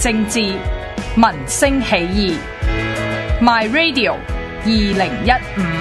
政治民生起義，My Radio 二零一五。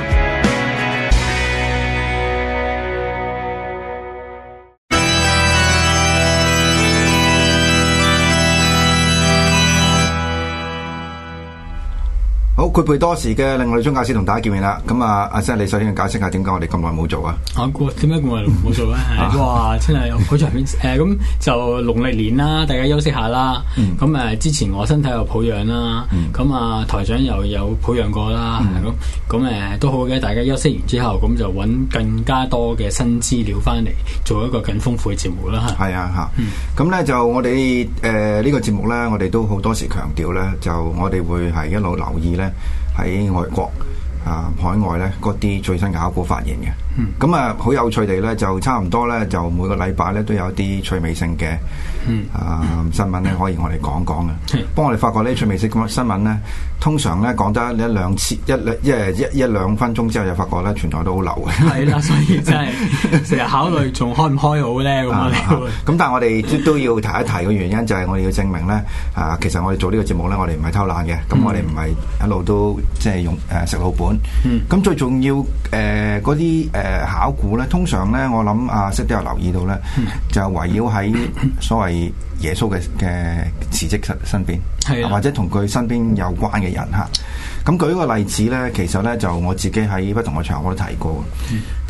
好，闊別多時嘅另類宗教史同大家見面啦。咁啊，阿 Sir，你首先解釋下點解我哋咁耐冇做啊？啊，點解咁耐冇做咧，啊？ 哇，真係好長時間。誒，咁、 呃、就農曆年啦，大家休息一下啦。咁、嗯、誒，之前我身體又保養啦，咁、嗯、啊，台長又有保養過啦。咁咁誒，都好嘅。大家休息完之後，咁就揾更加多嘅新資料翻嚟，做一個更豐富嘅節目啦。係啊，吓、嗯。咁、啊、咧就我哋誒、呃、這個、呢個節目咧，我哋都好多時強調咧，就我哋會係一路留意咧。喺外國啊，海外咧嗰啲最新嘅考古發現嘅。咁、嗯、啊，好有趣地咧，就差唔多咧，就每個禮拜咧都有啲趣味性嘅，啊、嗯嗯呃、新聞咧可以我哋講講嘅，不過、嗯、我哋發覺呢趣味性咁嘅新聞咧，通常咧講得一兩次一兩，即一一,一,一,一兩分鐘之後就發覺咧全台都好流嘅，係啦，所以真係成日考慮仲開唔開好咧咁、 啊啊、但係我哋都要提一提嘅原因就係我哋要證明咧啊，其實我哋做呢個節目咧，我哋唔係偷懶嘅，咁、嗯、我哋唔係一路都即係用誒、呃、食老本，咁、嗯、最重要誒嗰啲誒。呃誒，考古咧，通常咧，我諗阿 Zeke 都有留意到咧，就圍繞喺所謂耶穌嘅嘅辭職身身邊，或者同佢身邊有關嘅人吓。咁舉個例子咧，其實咧就我自己喺不同嘅場合我都提過，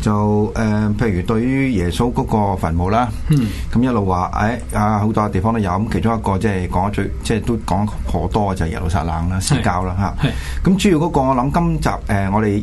就誒，譬如對於耶穌嗰個墳墓啦，咁一路話誒，啊，好多地方都有，咁其中一個即係講得最，即係都講頗多嘅就係耶路撒冷啦、施教啦吓。咁主要嗰個我諗今集誒，我哋。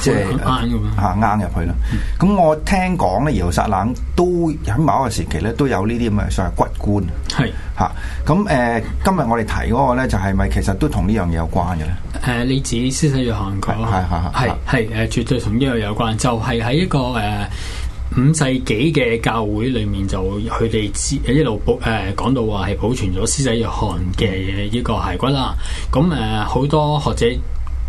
即係吓啱，入去啦，咁、嗯、我聽講咧，耶路撒冷都喺某個時期咧都有呢啲咁嘅所謂骨冠。係吓咁，誒，今日我哋提嗰個咧，就係、是、咪其實都同呢樣嘢有關嘅咧？誒、啊，你自己施洗約翰骨係係係係誒，絕對同呢樣有關。就係、是、喺一個誒、呃、五世紀嘅教會裏面，就佢哋一一路保誒講到話係保存咗施洗約翰嘅呢個骸骨啦。咁誒，好、呃、多學者。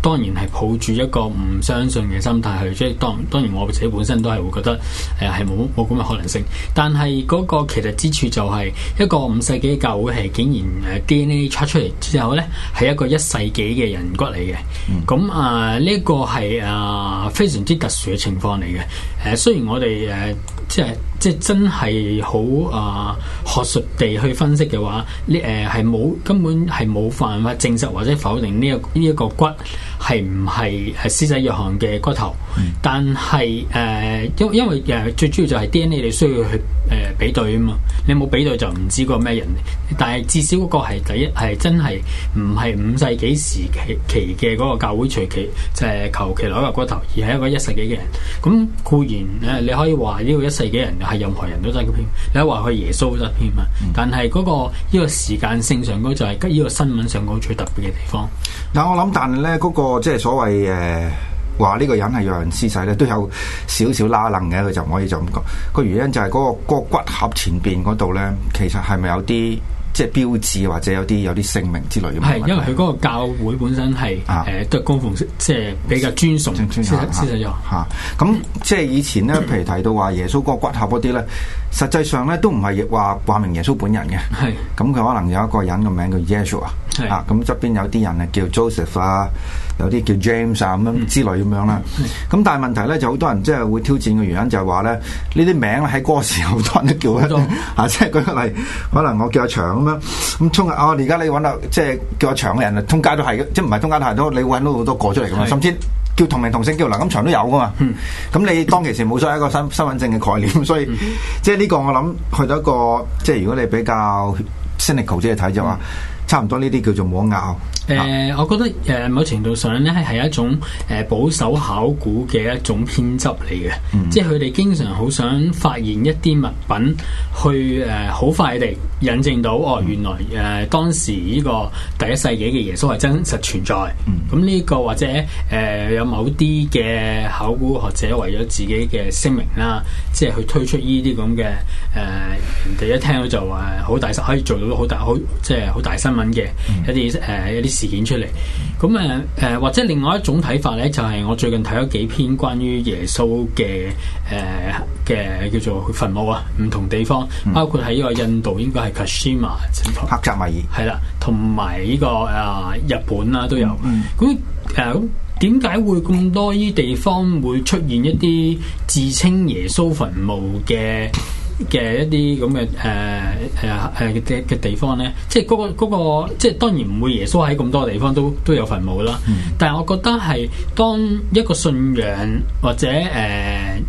當然係抱住一個唔相信嘅心態去，即係當當然我自己本身都係會覺得誒係冇冇咁嘅可能性。但係嗰個奇特之處就係一個五世紀嘅教會係竟然誒 DNA 測出嚟之後咧係一個一世紀嘅人骨嚟嘅。咁啊呢個係啊、呃、非常之特殊嘅情況嚟嘅。誒、呃、雖然我哋誒。呃即係即係真係好啊，學術地去分析嘅話，呢誒係冇根本係冇辦法證實或者否定呢一呢一個骨。係唔係係施洗約翰嘅骨頭？嗯、但係誒、呃，因因為誒，最主要就係 DNA 你需要去誒、呃、比對啊嘛。你冇比對就唔知個咩人。但係至少嗰個係第一係真係唔係五世紀時期期嘅嗰個教會隨其就係求其攞嚟骨頭，而係一個一世紀嘅人。咁固然誒，你可以話呢個一世紀人係任何人都得。㗎添。你話佢耶穌得添嘛？但係、嗰個呢、呢個時間性上嗰就係呢個新聞上嗰最特別嘅地方。但我諗，但係、嗰、咧個。即係所謂誒話呢個人係有人施洗咧，都有少少拉楞嘅，佢就唔可以就咁講。個原因就係嗰、那個那個骨盒前邊嗰度咧，其實係咪有啲即係標誌或者有啲有啲姓名之類咁？係因為佢嗰個教會本身係誒都係供奉即係、就是、比較尊崇，尊吓。咁、啊啊啊嗯嗯嗯嗯、即係以前咧，譬如提到話耶穌個骨盒嗰啲咧，實際上咧都唔係話話明耶穌本人嘅。係咁佢可能有一個人個名叫耶穌啊。係啊，咁側邊有啲人呢叫啊叫 Joseph 啦。有啲叫 James 啊咁樣之類咁樣啦，咁、嗯嗯、但係問題咧就好多人即係會挑戰嘅原因就係話咧，呢啲名喺時候好多人都叫一嚇，即係舉個例， 可能我叫阿祥咁樣，咁衝啊！而、哦、家你揾到即係、就是、叫阿祥嘅人啊，通街都係，即係唔係通街都係，你揾到好多個出嚟嘅嘛。甚至叫同名同姓叫梁錦祥都有噶嘛。咁、嗯、你當其時冇咗一個身、嗯、身份證嘅概念，所以即係呢個我諗去到一個即係、就是、如果你比較 cynical 即嚟睇就話，嗯、差唔多呢啲叫做冇拗。誒、呃，我覺得誒、呃、某程度上咧係一種誒、呃、保守考古嘅一種偏執嚟嘅，即係佢哋經常好想發現一啲物品，去誒好、呃、快地引證到哦，原來誒、呃、當時呢個第一世紀嘅耶穌係真實存在。咁、嗯、呢、這個或者誒、呃、有某啲嘅考古學者為咗自己嘅聲明啦，即係去推出呢啲咁嘅誒，人哋一聽到就話好大可以做到好大好即係好大新聞嘅、嗯、一啲誒一啲。呃事件出嚟，咁誒誒，或者另外一種睇法咧，就係、是、我最近睇咗幾篇關於耶穌嘅誒嘅叫做墳墓啊，唔同地方，嗯、包括喺呢個印度應該係喀什馬，喀扎米爾，係啦、這個，同埋呢個誒日本啦都有。咁誒點解會咁多呢啲地方會出現一啲自稱耶穌墳墓嘅？嘅一啲咁嘅誒誒誒嘅嘅地方咧，即係嗰個、嗰個、即係當然唔會耶穌喺咁多地方都都有墳墓啦。嗯、但係我覺得係當一個信仰或者誒誒、呃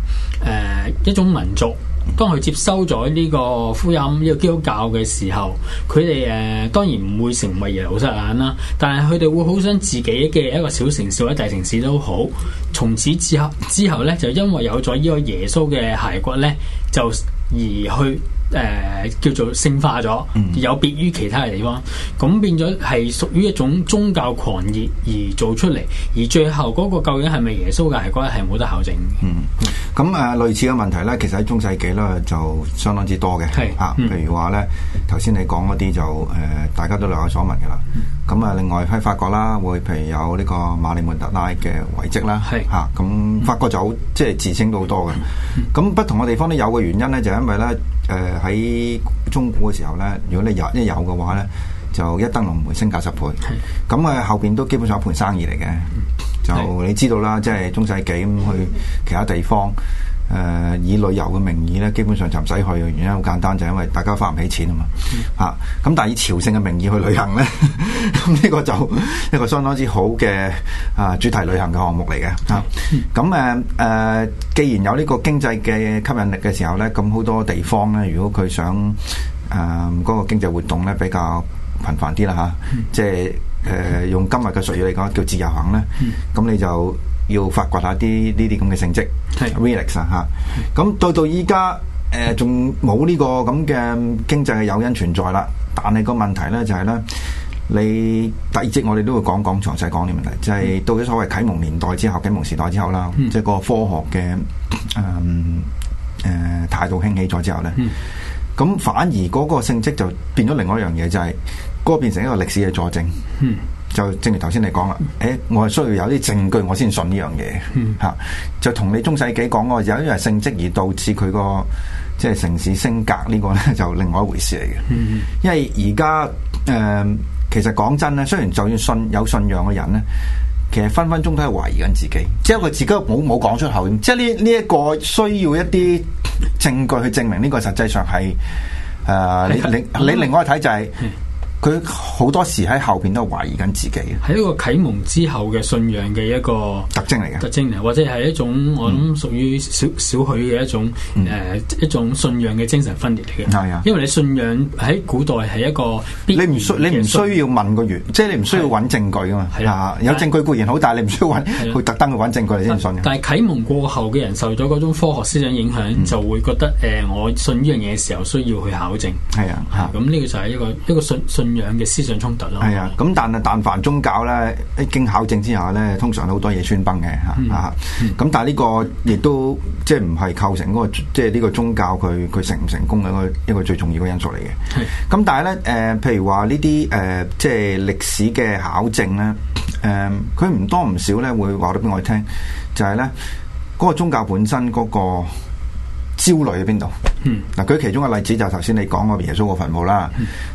呃、一種民族，當佢接收咗呢個福音、呢個基督教嘅時候，佢哋誒當然唔會成為耶路撒冷啦，但係佢哋會好想自己嘅一個小城市或者大城市都好，從此之後之後咧，就因為有咗呢個耶穌嘅骸骨咧，就而去誒、呃、叫做聖化咗、嗯，有別於其他嘅地方，咁變咗係屬於一種宗教狂熱而做出嚟，而最後嗰個究竟係咪耶穌嘅，係覺得係冇得考證。嗯，咁啊、呃，類似嘅問題咧，其實喺中世紀咧就相當之多嘅、嗯，啊，譬如話咧，頭先你講嗰啲就、呃、大家都略有所聞嘅啦。咁啊，另外喺法國啦，會譬如有呢個馬里門特拉嘅遺跡啦，咁、啊、法國就好、嗯，即係自稱都好多嘅。咁、嗯、不同嘅地方都有嘅原因咧，就係、因為咧，誒、呃、喺中古嘅時候咧，如果你有，一有嘅話咧，就一登龍門升價十倍。咁啊，後邊都基本上有一盤生意嚟嘅、嗯，就你知道啦，即係中世紀咁去其他地方。嗯嗯。誒、呃、以旅遊嘅名義咧，基本上就唔使去，原因好簡單，就係、因為大家花唔起錢嘛、嗯、啊嘛嚇。咁但係以朝聖嘅名義去旅行咧，呢、 嗯呢個就一、呢個相當之好嘅啊主題旅行嘅項目嚟嘅嚇。咁誒誒，既然有呢個經濟嘅吸引力嘅時候咧，咁好多地方咧，如果佢想誒嗰、啊嗰個經濟活動咧比較頻繁啲啦嚇，即係誒、呃、用今日嘅術語嚟講叫自由行咧，咁、嗯、你就。要發掘一下啲呢啲咁嘅性質 relics 啊，吓咁到到依家，誒、呃，仲冇呢個咁嘅經濟嘅誘因存在啦。但係個問題咧就係、是、咧，你第二節我哋都會講講詳細講啲問題，就係、是、到咗所謂啟蒙年代之後，啟蒙時代之後啦，即、嗯、係、就是、個科學嘅誒誒態度興起咗之後咧，咁、嗯、反而嗰個性質就變咗另外一樣嘢，就係、是、嗰個變成一個歷史嘅佐證。嗯就正如頭先你講啦，誒、哎，我係需要有啲證據我，我先信呢樣嘢吓。就同你中世紀講，我有因為性質而導致佢個即係城市性格呢、這個咧， 就另外一回事嚟嘅、嗯。因為而家誒，其實講真咧，雖然就算信有信仰嘅人咧，其實分分鐘都係懷疑緊自己，即係佢自己冇冇講出口。即係呢呢一個需要一啲證據去證明呢個實際上係誒、呃，你、嗯、你另外一睇就係、是。嗯嗯佢好多時喺後邊都懷疑緊自己，係一個啟蒙之後嘅信仰嘅一個特徵嚟嘅，特徵嚟，或者係一種我諗屬於少少許嘅一種誒、嗯呃、一種信仰嘅精神分裂嚟嘅，係、嗯、啊、嗯，因為你信仰喺古代係一個，你唔需你唔需要問個月，即係你唔需要揾證據噶嘛，係啦，有證據固然好，但係你唔需要揾去去特登去揾證據嚟先信，但係啟蒙過後嘅人受咗嗰種科學思想影響、嗯，就會覺得誒、呃，我信呢樣嘢嘅時候需要去考證，係啊，吓咁呢個就係一個一個信信。咁樣嘅思想衝突咯，係啊，咁但係但凡宗教咧，一經考證之下咧，通常好多嘢穿崩嘅吓，咁、嗯嗯、但係呢個亦都即係唔係構成嗰個即係呢個宗教佢佢成唔成功嘅一個一個最重要嘅因素嚟嘅。咁但係咧，誒、呃、譬如話呢啲誒即係歷史嘅考證咧，誒佢唔多唔少咧會話到俾我聽，就係咧嗰個宗教本身嗰個。焦慮喺邊度？嗱、嗯，舉其中嘅例子就係頭先你講個耶穌個墳墓啦。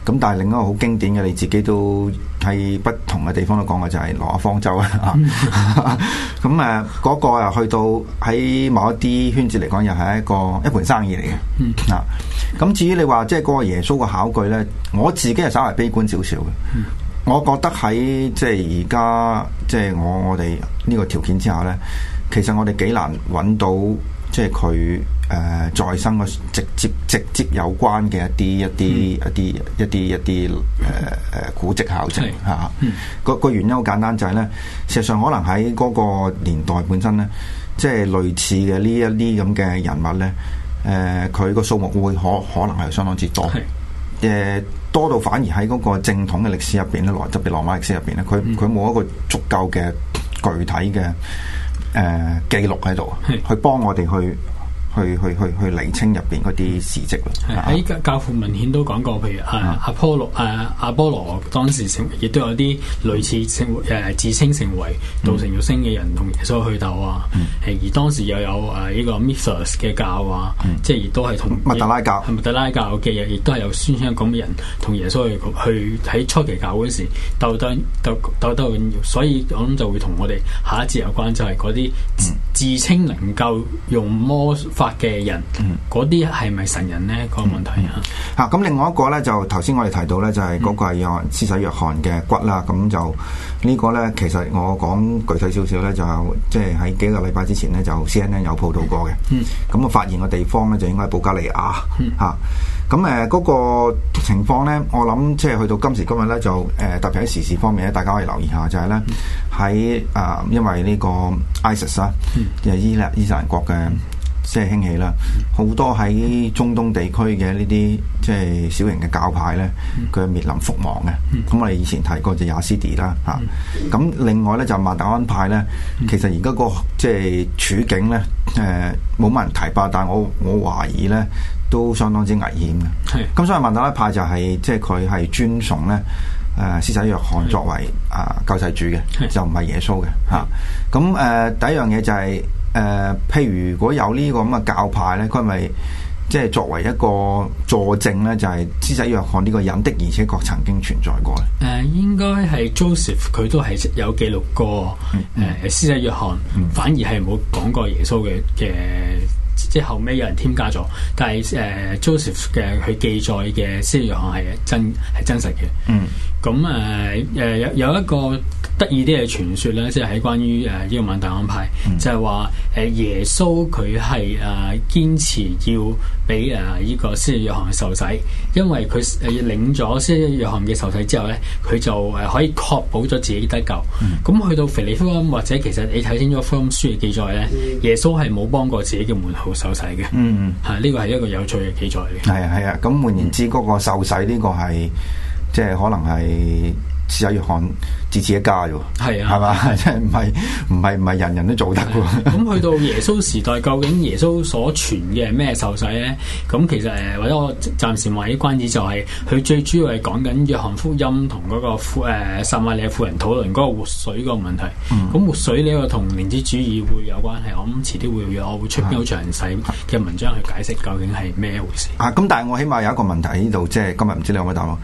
咁、嗯、但係另一個好經典嘅，你自己都喺不同嘅地方都講嘅就係挪亞方舟啦。咁、嗯、誒，嗰、 嗯嗰個又去到喺某一啲圈子嚟講，又係一個一盤生意嚟嘅。嗱、嗯，咁、嗯、至於你話即係嗰個耶穌個考據咧，我自己係稍為悲觀少少嘅。我覺得喺即係而家即係我我哋呢個條件之下咧，其實我哋幾難揾到。即係佢誒再生嘅直接直接有關嘅一啲一啲，嗯、一啲一啲一啲誒誒古籍考證吓，個個，啊嗯，原因好簡單就係呢，就係咧，事實上可能喺嗰個年代本身咧，即係類似嘅呢一啲咁嘅人物咧，誒佢個數目會可可能係相當之多，誒，呃、多到反而喺嗰個正統嘅歷史入邊咧，來特別羅馬歷史入邊咧，佢佢冇一個足夠嘅具體嘅。誒、呃、記錄喺度，去幫我哋去。去去去去理清入邊嗰啲事蹟，咯。喺、啊、教父文獻都講過，譬如阿、啊嗯、阿波羅誒、啊、阿波羅當時成，亦都有啲類似成，誒、嗯、自稱成為道成肉身嘅人同耶穌去鬥啊。係、嗯、而當時又有誒呢、啊這個 Mithras 嘅教啊，嗯、即係亦都係同密特拉教係密特拉教嘅，亦都係有宣稱咁嘅人同耶穌去去喺初期教嗰時鬥鬥鬥鬥鬥，所以我諗就會同我哋下一節有關，就係嗰啲自、嗯、自稱能夠用魔法嘅人，嗰啲係咪神人咧？嗯那個問題啊！咁、嗯、另外一個咧，就頭先我哋提到咧，就係、是、嗰個係約翰施洗約翰嘅骨啦。咁就、這個、呢個咧，其實我講具體少少咧，就即係喺幾個禮拜之前咧，就 C N N 有報導過嘅。嗯，咁啊，發現個地方咧，就應該係保加利亞。咁誒嗰個情況咧，我諗即係去到今時今日咧，就、呃、特別喺時事方面咧，大家可以留意下，就係咧喺因為呢個 ISIS 啊、嗯、嘅、就是、伊斯蘭國嘅。即、就、係、是、興起啦，好多喺中東地區嘅呢啲即係小型嘅教派咧，佢係面臨覆亡嘅。咁、嗯、我哋以前提過就雅斯迪啦嚇。咁、嗯啊、另外咧就是、曼達安派咧、嗯，其實而家、那個即係、就是、處境咧，誒冇乜人提吧，但係我我懷疑咧都相當之危險嘅。咁所以曼達安派就係即係佢係尊崇咧誒施洗約翰作為啊救世主嘅，就唔係耶穌嘅嚇。咁誒、啊呃、第一樣嘢就係、是。誒、呃，譬如如果有呢個咁嘅教派咧，佢咪即係作為一個佐證咧，就係施洗約翰呢個人的，而且確曾經存在過呢。誒、呃，應該係 Joseph 佢都係有記錄過誒，施洗約翰、嗯，反而係冇講過耶穌嘅嘅，即係後尾有人添加咗。但係誒 Joseph 嘅佢記載嘅施洗約翰係真係真實嘅。嗯。咁誒、啊、有有一個得意啲嘅傳說咧，即係喺關於呢、啊這個問題安排，嗯、就係、是、話耶穌佢係誒堅持要俾呢依個施洗約翰嘅受洗，因為佢領咗施洗約翰嘅受洗之後咧，佢就可以確保咗自己得救。咁、嗯、去到腓利福音或者其實你睇清楚福音書嘅記載咧，耶穌係冇幫過自己嘅門徒受洗嘅。嗯嗯，呢個係一個有趣嘅記載嘅。係啊係啊，咁、啊、換言之，嗰個受洗呢個係。嗯即係可能係只有約翰自此一家啫喎。係啊，係嘛，即係唔係唔係唔係人人都做得嘅、啊。咁去到耶穌時代， 究竟耶穌所傳嘅係咩受洗咧？咁其實誒、呃，或者我暫時話啲關子就係、是，佢最主要係講緊約翰福音同嗰個、呃、富誒撒瑪利亞婦人討論嗰個活水個問題。咁、嗯、活水呢個同靈知主義會有關係，我諗遲啲會有我會出篇好詳細嘅文章去解釋究竟係咩回事。啊、咁、啊啊、但係我起碼有一個問題喺呢度，即、就、係、是、今日唔知你有冇答案。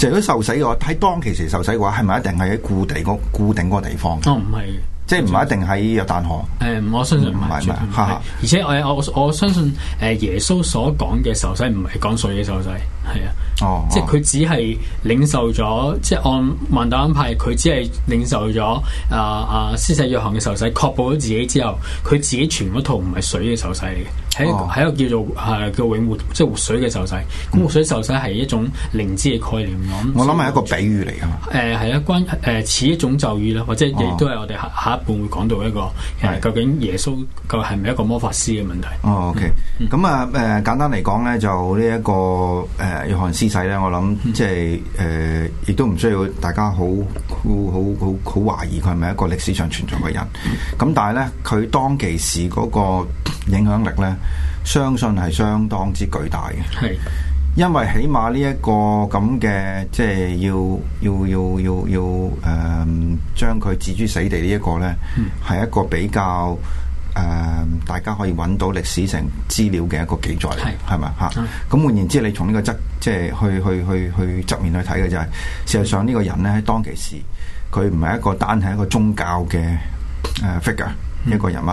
就如受洗嘅話，喺當其時受洗嘅話，係咪一定係喺固地固定個個地方？哦，唔係。即係唔一定喺有蛋殼。誒、嗯，我相信唔係、嗯啊、而且我我我相信誒耶穌所講嘅受洗唔係講水嘅受洗，係啊，哦，即係佢只係領受咗，即係按萬達安排，佢只係領受咗啊啊施洗約翰嘅受洗，確保咗自己之後，佢自己傳嗰套唔係水嘅受洗嚟嘅，喺一、哦、一個叫做誒、啊、叫做永活，即係活水嘅受洗。咁、嗯、活水受洗係一種靈知嘅概念，我諗係一個比喻嚟㗎嘛。誒係啊，關誒、呃呃、似一種咒語啦，或者亦都係我哋下下。哦半會講到一個，係究竟耶穌，佢係咪一個魔法師嘅問題？哦，OK，咁啊，誒、呃，簡單嚟講咧，就呢、這、一個，誒、呃，約翰施洗咧，我諗即係，誒、呃，亦都唔需要大家好好好好懷疑佢係咪一個歷史上存在嘅人。咁、嗯、但係咧，佢當其時嗰個影響力咧，相信係相當之巨大嘅。係。因為起碼呢、這、一個咁嘅，即係要要要要要誒、呃，將佢置諸死地呢、這、一個呢，係、嗯、一個比較誒、呃，大家可以揾到歷史性資料嘅一個記載，係係咪吓？咁換、嗯、言之，你從呢、這個側，即係去去去去側面去睇嘅就係、是，事實上呢個人呢，喺當其時，佢唔係一個單係一個宗教嘅 figure。一個人物，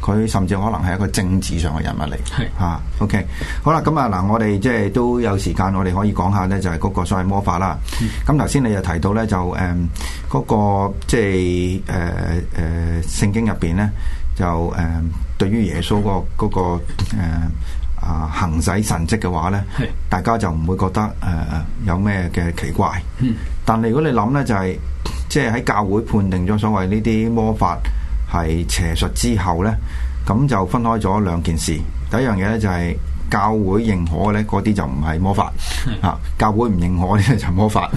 佢甚至可能係一個政治上嘅人物嚟。係吓，OK，好啦，咁啊嗱，我哋即係都有時間，我哋可以講下咧，就係嗰個所謂魔法啦。咁頭先你又提到咧，就誒嗰個即係誒誒聖經入邊咧，就誒對於耶穌個嗰個誒啊行使神蹟嘅話咧，係大家就唔會覺得誒有咩嘅奇怪。嗯，但係如果你諗咧，就係即係喺教會判定咗所謂呢啲魔法。係邪術之後咧，咁就分開咗兩件事。第一樣嘢咧，就係教會認可嘅，咧，嗰啲就唔係魔法吓；教會唔認可咧，就魔法。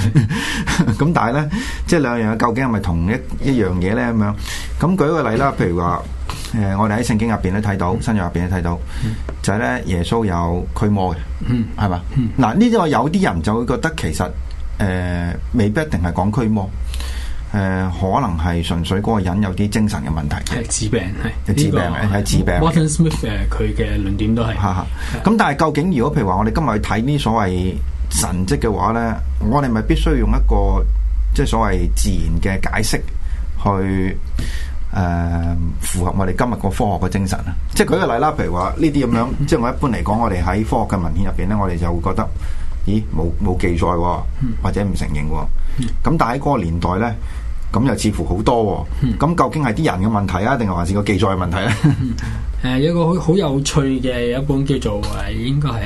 咁但係咧，即係兩樣究竟係咪同一一樣嘢咧？咁樣咁舉個例啦，譬如話誒，我哋喺聖經入邊都睇到，新約入邊都睇到，就係咧耶穌有驅魔嘅，係嘛？嗱，呢啲有啲人就會覺得其實誒，未必一定係講驅魔。誒、呃、可能係純粹嗰個人有啲精神嘅問題的，係治病係，治病係，係治病。佢嘅、這個、論點都係，咁但係究竟如果譬如話我哋今日去睇呢所謂神跡嘅話呢，嗯、我哋咪必須用一個即係、就是、所謂自然嘅解釋去、呃、符合我哋今日個科學嘅精神啊、嗯！即係舉個例啦，譬如話呢啲咁樣、嗯，即係我一般嚟講，我哋喺科學嘅文獻入邊呢，我哋就會覺得咦，冇冇記載、哦，或者唔承認、哦，咁、嗯嗯、但係喺嗰個年代呢。咁又似乎好多、哦，咁、嗯、究竟係啲人嘅問題啊，定係還是個記載嘅問題咧、啊？ 呃、有一個好好有趣嘅一本叫做誒應該係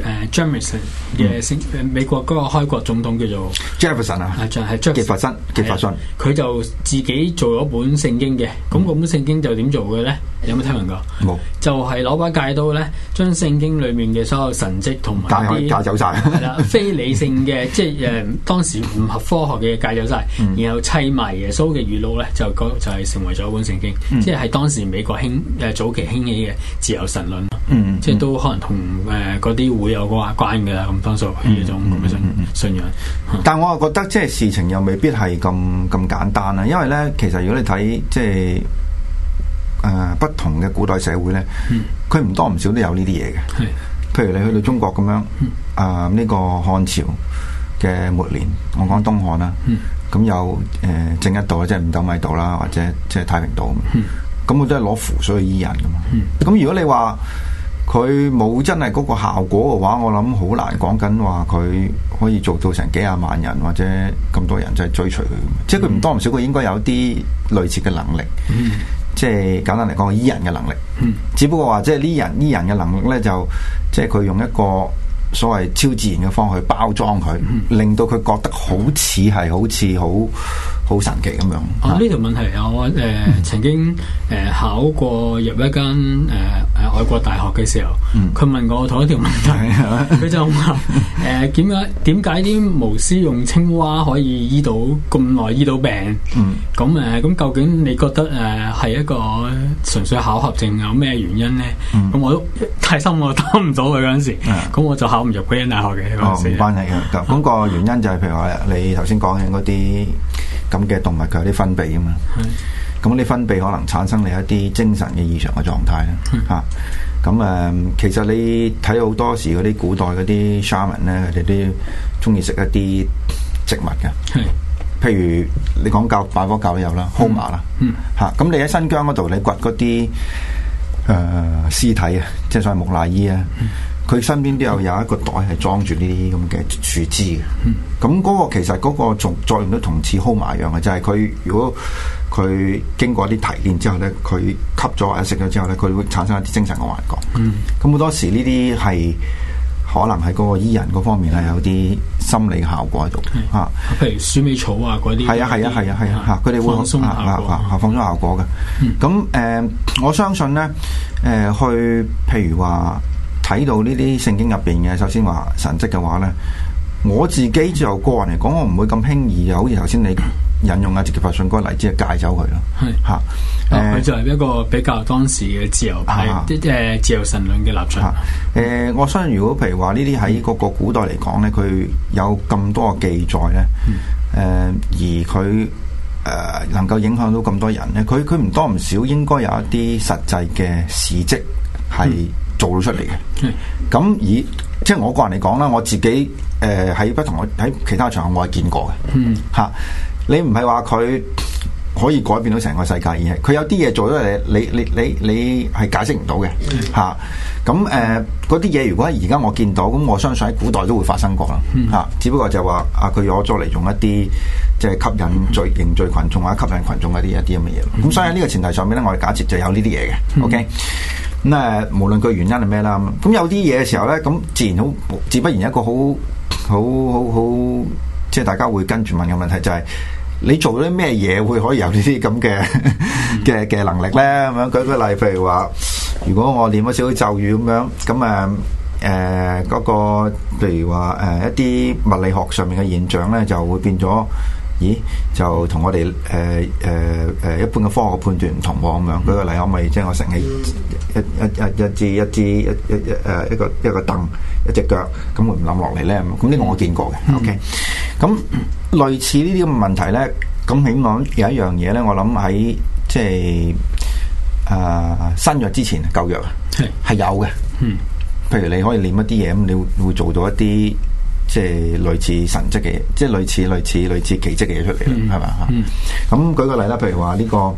誒、呃、Jefferson 嘅、嗯、美國嗰個開國總統叫做 Jefferson 啊，係 Jefferson 傑弗森佢就自己做咗一本聖經嘅。咁、嗯、嗰本聖經就點做嘅咧？有冇聽聞過？冇，就係、是、攞把戒刀咧，將聖經裏面嘅所有神蹟同埋啲戒走晒。係啦，非理性嘅 即係誒、呃、當時唔合科學嘅戒走晒、嗯，然後砌埋耶穌嘅語錄咧就就係、成為咗一本聖經，嗯、即係喺當時美國興誒、啊、早期啲自由神論咯、嗯嗯，即係都可能同誒嗰啲會有個關嘅啦。咁多數呢種信、嗯嗯嗯嗯、信仰。但我又覺得即係事情又未必係咁咁簡單啦。因為咧，其實如果你睇即係誒、呃、不同嘅古代社會咧，佢、嗯、唔多唔少都有呢啲嘢嘅。譬如你去到中國咁樣，誒、嗯、呢、呃這個漢朝嘅末年，我講東漢啦，咁、嗯嗯、有誒、呃、正一道即係五斗米道啦，或者即係太平道。嗯咁我都係攞符水去醫人㗎嘛。咁、嗯、如果你話佢冇真係嗰個效果嘅話，我諗好難講緊話佢可以做到成幾廿萬人或者咁多人真係追隨佢、嗯。即係佢唔多唔少，佢應該有啲類似嘅能力。嗯、即係簡單嚟講，醫人嘅能力、嗯。只不過話即係呢人醫人嘅能力呢，就即係佢用一個所謂超自然嘅方法去包裝佢、嗯，令到佢覺得好似係好似好。好神奇咁樣啊！呢條問題我誒、呃嗯、曾經誒、呃、考過入一間誒誒外國大學嘅時候，佢、嗯、問過我同一條問題，佢、嗯、就話誒點解點解啲巫師用青蛙可以醫到咁耐醫到病？咁誒咁究竟你覺得誒係、呃、一個純粹巧合症有咩原因咧？咁、嗯、我都太深我答唔到佢嗰陣時，咁、嗯、我就考唔入嗰間大學嘅。哦，冇關係嘅咁、那個原因就係、是啊、譬如話你頭先講緊嗰啲。咁嘅動物佢有啲分泌啊嘛，咁啲分泌可能產生你一啲精神嘅異常嘅狀態啦，吓咁誒，其實你睇好多時嗰啲古代嗰啲 shaman 咧，佢哋都中意食一啲植物嘅，譬如你講教拜火教都有啦，homa 啦，吓、啊，咁你喺新疆嗰度你掘嗰啲誒屍體啊，即係所謂木乃伊啊。佢身邊都有有一個袋係裝住呢啲咁嘅樹枝嘅，咁、嗯、嗰、那個其實嗰個作用都同似薅麻一樣嘅，就係、是、佢如果佢經過啲提煉之後咧，佢吸咗或者食咗之後咧，佢會產生一啲精神嘅幻覺。咁、嗯、好多時呢啲係可能係嗰個醫人嗰方面係有啲心理效果喺度嚇，譬、嗯、如鼠尾草啊嗰啲，係啊係啊係啊係啊嚇，佢哋會放鬆效果嘅。咁、嗯、誒、呃，我相信咧誒、呃，去譬如話。睇到呢啲聖經入邊嘅，首先話神跡嘅話咧，我自己就個人嚟講，我唔會咁輕易，就好似頭先你引用直啊直接發信嗰個例子，戒走佢咯。係、啊、嚇，佢就係一個比較當時嘅自由派啲誒、啊、自由神論嘅立場。誒、啊啊啊，我相信如果譬如話呢啲喺嗰個古代嚟講咧，佢有咁多嘅記載咧，誒、嗯啊、而佢誒、呃、能夠影響到咁多人咧，佢佢唔多唔少應該有一啲實際嘅事跡係。嗯做咗出嚟嘅，咁而即係我個人嚟講啦，我自己誒喺、呃、不同嘅喺其他嘅場合，我係見過嘅，吓、嗯啊、你唔係話佢可以改變到成個世界，而係佢有啲嘢做咗你你你你係解釋唔到嘅，吓咁誒嗰啲嘢，呃、如果而家我見到，咁我相信喺古代都會發生過啦，吓、啊、只不過就話啊佢攞咗嚟用一啲即係吸引聚凝聚群眾啊，或者吸引群眾嗰啲一啲咁嘅嘢，咁、嗯、所以喺呢個前提上面咧，我哋假設就有呢啲嘢嘅，OK。咁誒，無論個原因係咩啦，咁有啲嘢嘅時候咧，咁自然好，自不然一個好好好好，即係大家會跟住問嘅問題就係、是，你做啲咩嘢會可以有呢啲咁嘅嘅嘅能力咧？咁樣舉個例，譬如話，如果我念咗少少咒語咁樣，咁誒誒嗰個，譬如話誒、呃、一啲物理學上面嘅現象咧，就會變咗。咦，就同我哋誒誒誒一般嘅科學判斷唔同喎，咁樣舉個例，可唔可以？即係我承起一一一一支一支一一誒一個一個凳一隻腳，咁會唔冧落嚟咧，咁呢個我見過嘅。嗯。OK，咁類似呢啲咁嘅問題咧，咁起碼有一樣嘢咧，我諗喺即係啊新藥之前舊藥係係有嘅。嗯，譬如你可以練一啲嘢，咁你會會做到一啲。即、就、係、是、類似神蹟嘅嘢，即、就、係、是、類似類似類似奇蹟嘅嘢出嚟啦，係咪吓？咁、嗯、舉個例啦，譬如話呢、這個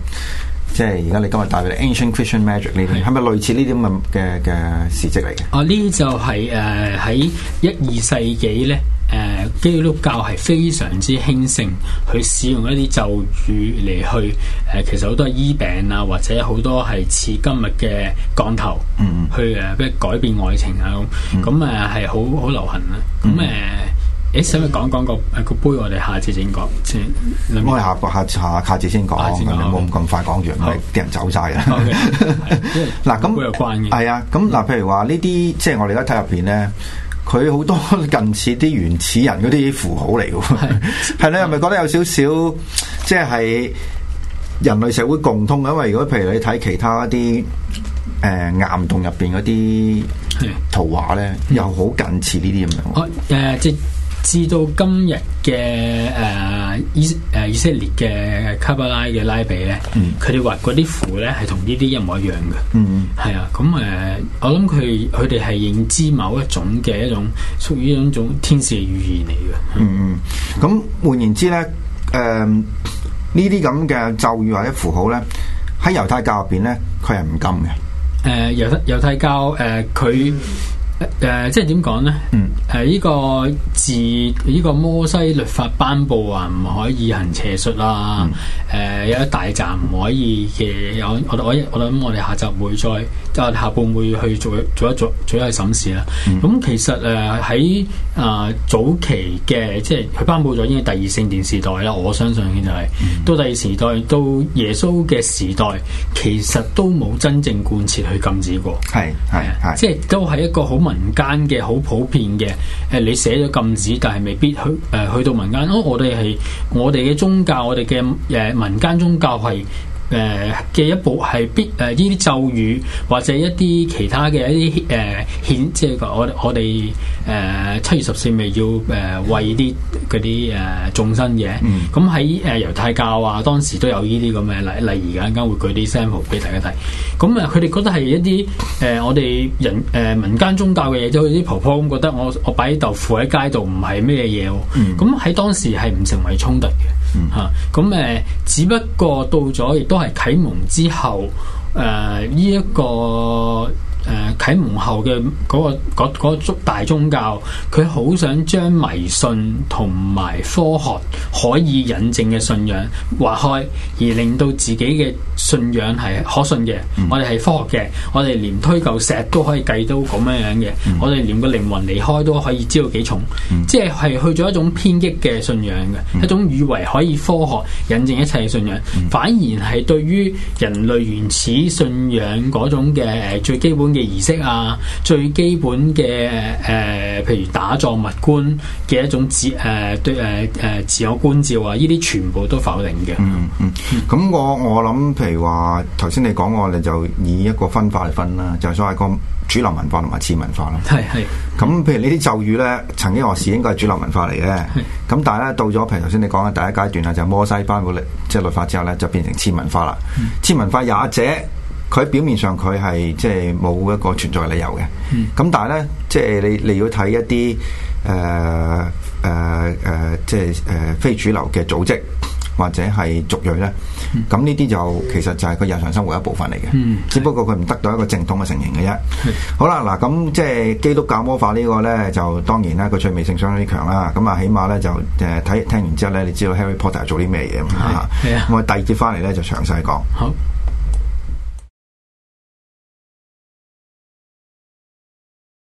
即係而家你今日帶俾你《Ancient Christian Magic》呢啲，係咪類似呢啲咁嘅嘅事蹟嚟嘅？哦，呢啲、啊、就係誒喺一二世紀咧。誒、呃，基督教係非常之興盛，佢使用一啲咒語嚟去誒、呃，其實好多係醫病啊，或者好多係似今日嘅降頭，去誒、啊，改變愛情啊咁，咁係好好流行啊。咁、嗯、誒，誒、啊，使唔使講講個、嗯那個杯？我哋下次先講，先開下下下，下，下，下，下，講下次先講，咁冇咁快講完，啲人走晒啦。嗱、okay, 咁係啊，咁、那、嗱、個，譬、啊、如話呢啲，即係我哋而家睇入面咧。佢好多近似啲原始人嗰啲符號嚟嘅喎，係咧，係咪覺得有少少即係人類社會共通嘅？因為如果譬如你睇其他啲誒岩洞入邊嗰啲圖畫咧，又好近似呢啲咁樣。誒，即係至到今日嘅誒意誒以色列嘅卡巴拉嘅拉比咧，佢哋畫嗰啲符咧，係同呢啲一模一樣嘅，係、嗯、啊，咁誒、呃，我諗佢佢哋係認知某一種嘅一種屬於一種天使嘅語言嚟嘅，嗯嗯，咁換言之咧，誒呢啲咁嘅咒語或者符號咧，喺猶太教入邊咧，佢係唔禁嘅，誒、呃、猶太猶太教誒佢。呃誒、呃，即係點講咧？嗯誒，呢、啊這個自呢、這個摩西律法頒布不啊，唔可以行邪術啦。誒、呃，有一大堆唔可以嘅，有我我我諗我哋下集會再，即、啊、下半會去做一做一做一做,一做一審視啦、啊。咁、嗯、其實誒喺啊在、呃、早期嘅，即係佢頒布咗呢個第二聖殿時代啦。我相信其實係、就是嗯、到第二時代，到耶穌嘅時代，其實都冇真正貫徹去禁止過。係係係，即係都係一個好。民間嘅好普遍嘅，誒你寫咗禁止，但係未必去誒去到民間、哦。我哋係我哋係我哋嘅宗教，我哋嘅誒民間宗教係。誒、呃、嘅一部係必誒呢啲咒語，或者一啲其他嘅一啲誒顯即係我我哋誒七月十四咪要誒為啲嗰啲誒眾生嘅。咁喺誒猶太教啊，當時都有呢啲咁嘅例，例如間間會舉啲 sample 俾大家睇。咁啊，佢哋覺得係一啲誒、呃、我哋人誒、呃、民間宗教嘅嘢，即好似啲婆婆咁覺得我，我我擺豆腐喺街度唔係咩嘢喎。咁、嗯、喺當時係唔成為衝突嘅。嗯吓、啊，咁誒、呃，只不過到咗亦都係啟蒙之後，誒、呃、呢一個。喺門後嘅、嗰個、嗰個大宗教，佢好想將迷信同埋科學可以引證嘅信仰劃開，而令到自己嘅信仰係可信嘅、嗯。我哋係科學嘅，我哋連推嚿石都可以計到咁樣樣嘅、嗯，我哋連個靈魂離開都可以知道幾重，嗯、即係去咗一種偏激嘅信仰嘅、嗯、一種以為可以科學引證一切嘅信仰，嗯、反而係對於人類原始信仰嗰種嘅誒最基本嘅儀式。啊，最基本嘅誒、呃，譬如打坐、默觀嘅一種自誒對誒誒自有觀照啊，呢啲全部都否定嘅。嗯嗯，咁、嗯嗯、我我諗譬如話頭先你講我哋就以一個分法嚟分啦，就係、所謂個主流文化同埋次文化啦。係係。咁譬如呢啲咒語咧，曾經學士應該係主流文化嚟嘅。咁但係咧到咗譬如頭先你講嘅第一階段啦，就係、摩西頒古力即係律法之後咧，就變成次文化啦、嗯。次文化也者。佢表面上佢係即係冇一個存在嘅理由嘅，咁、嗯、但係咧，即係你你要睇一啲誒誒誒，即係誒非主流嘅組織或者係族裔咧，咁呢啲就其實就係佢日常生活一部分嚟嘅、嗯，只不過佢唔得到一個正統嘅承認嘅啫。好啦，嗱咁即係基督教魔法個呢個咧，就當然啦，個趣味性相當之強啦。咁啊，起碼咧就誒睇、呃、聽完之後咧，你知道 Harry Potter 做啲咩嘢啊？係啊，我第二節翻嚟咧就詳細講。好。